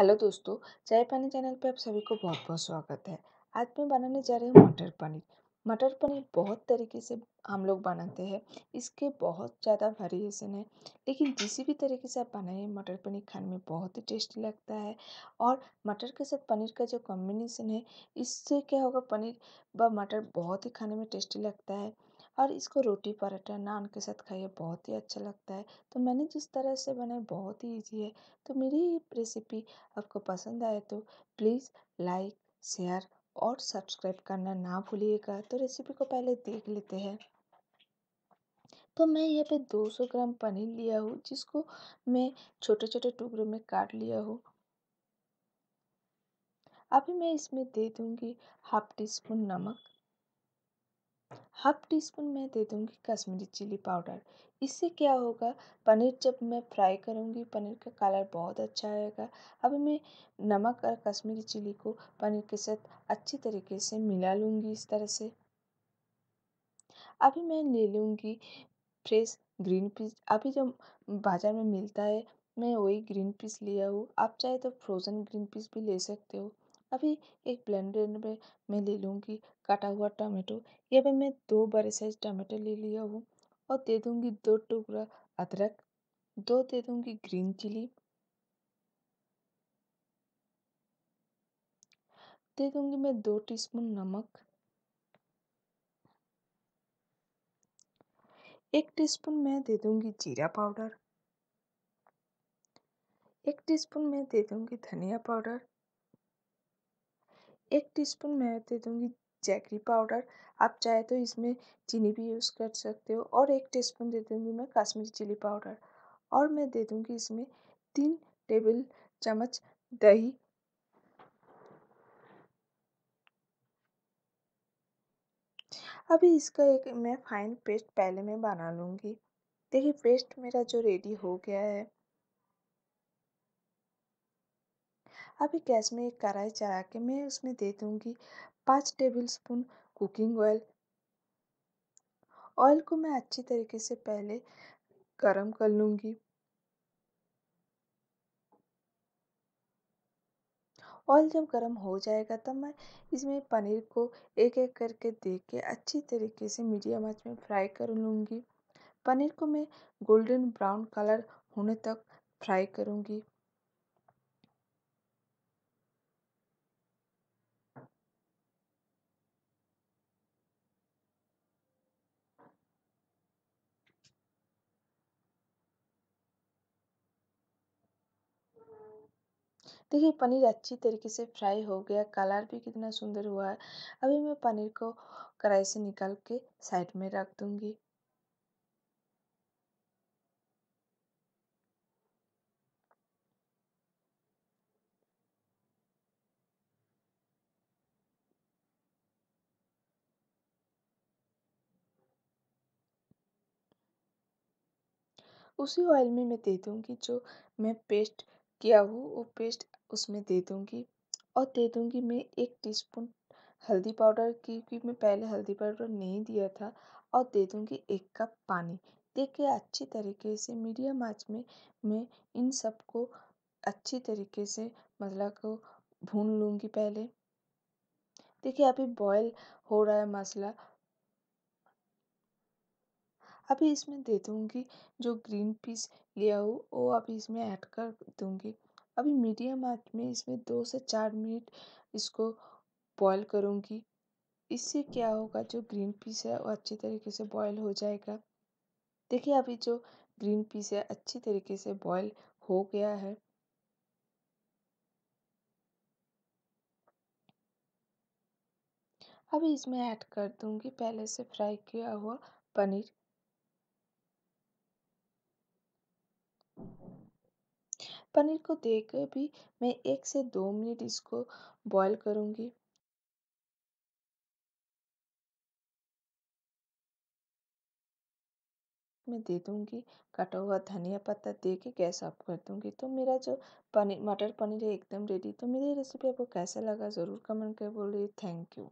hello दोस्तों चाय पानी चैनल पे आप सभी को बहुत बहुत स्वागत है आज मैं बनाने जा रही हूँ मटर पनीर मटर पनीर बहुत तरीके से हम लोग बनाते हैं इसके बहुत ज़्यादा वेरिएशन है लेकिन किसी भी तरीके से आप बनाइए मटर पनीर खाने में बहुत ही टेस्टी लगता है और मटर के साथ पनीर का जो कॉम्बिनेशन है इससे क्या होगा पनीर व मटर बहुत ही खाने में टेस्टी लगता है और इसको रोटी पराठा नान के साथ खाइए बहुत ही अच्छा लगता है तो मैंने जिस तरह से बनाया बहुत ही ईजी है तो मेरी रेसिपी आपको पसंद आए तो प्लीज़ लाइक शेयर और सब्सक्राइब करना ना भूलिएगा तो रेसिपी को पहले देख लेते हैं तो मैं यहाँ पे 200 ग्राम पनीर लिया हूँ जिसको मैं छोटे छोटे टुकड़ों में काट लिया हूँ अभी मैं इसमें दे दूँगी हाफ टी स्पून नमक हाफ टी स्पून मैं दे दूँगी कश्मीरी चिली पाउडर इससे क्या होगा पनीर जब मैं फ्राई करूँगी पनीर का कलर बहुत अच्छा आएगा अब मैं नमक और कश्मीरी चिली को पनीर के साथ अच्छी तरीके से मिला लूँगी इस तरह से अभी मैं ले लूँगी फ्रेश ग्रीन पीस अभी जो बाज़ार में मिलता है मैं वही ग्रीन पीस लिया हूँ आप चाहे तो फ्रोज़न ग्रीन पीस भी ले सकते हो अभी एक ब्लेंडर में मैं ले लूँगी काटा हुआ टमाटो या फिर मैं दो बड़े साइज टमाटो ले लिया हूँ और दे दूँगी दो टुकड़ा अदरक दो दे दूँगी ग्रीन चिली दे दूँगी मैं दो टीस्पून नमक एक टीस्पून मैं दे दूँगी जीरा पाउडर एक टीस्पून मैं दे दूँगी धनिया पाउडर एक टीस्पून मैं दे दूँगी जैगरी पाउडर आप चाहे तो इसमें चीनी भी यूज़ कर सकते हो और एक टीस्पून दे दूँगी मैं काश्मीरी चिली पाउडर और मैं दे दूँगी इसमें तीन टेबल चम्मच दही अभी इसका एक मैं फाइन पेस्ट पहले मैं बना लूँगी देखिए पेस्ट मेरा जो रेडी हो गया है अभी गैस में एक कढ़ाई चढ़ा के मैं उसमें दे दूँगी पाँच tablespoon cooking oil oil को मैं अच्छी तरीके से पहले गरम कर लूँगी ऑयल जब गर्म हो जाएगा तब मैं इसमें पनीर को एक एक करके दे के अच्छी तरीके से मीडियम आंच में फ्राई कर लूँगी पनीर को मैं गोल्डन ब्राउन कलर होने तक फ्राई करूँगी देखिए पनीर अच्छी तरीके से फ्राई हो गया कलर भी कितना सुंदर हुआ है अभी मैं पनीर को कढ़ाई से निकाल के साइड में रख दूंगी उसी ऑयल में मैं दे दूंगी जो मैं पेस्ट किया हो वो पेस्ट उसमें दे दूँगी और दे दूँगी मैं एक टीस्पून हल्दी पाउडर क्योंकि मैं पहले हल्दी पाउडर नहीं दिया था और दे दूँगी एक कप पानी देखिए अच्छी तरीके से मीडियम आँच में मैं इन सबको अच्छी तरीके से मसाला को भून लूँगी पहले देखिए अभी बॉयल हो रहा है मसाला अभी इसमें दे दूँगी जो ग्रीन पीस लिया हो वो अभी इसमें ऐड कर दूँगी अभी मीडियम आँच में इसमें दो से चार मिनट इसको बॉईल करूँगी इससे क्या होगा जो ग्रीन पीस है वो अच्छी तरीके से बॉईल हो जाएगा देखिए अभी जो ग्रीन पीस है अच्छी तरीके से बॉईल हो गया है अभी इसमें ऐड कर दूँगी पहले से फ्राई किया हुआ पनीर पनीर को देकर भी मैं एक से दो मिनट इसको बॉईल करूँगी मैं दे दूँगी कटा हुआ धनिया पत्ता दे के गैस ऑफ कर दूँगी तो मेरा जो पनीर मटर पनीर है एकदम रेडी तो मेरी रेसिपी आपको कैसा लगा ज़रूर कमेंट कर बोलिए थैंक यू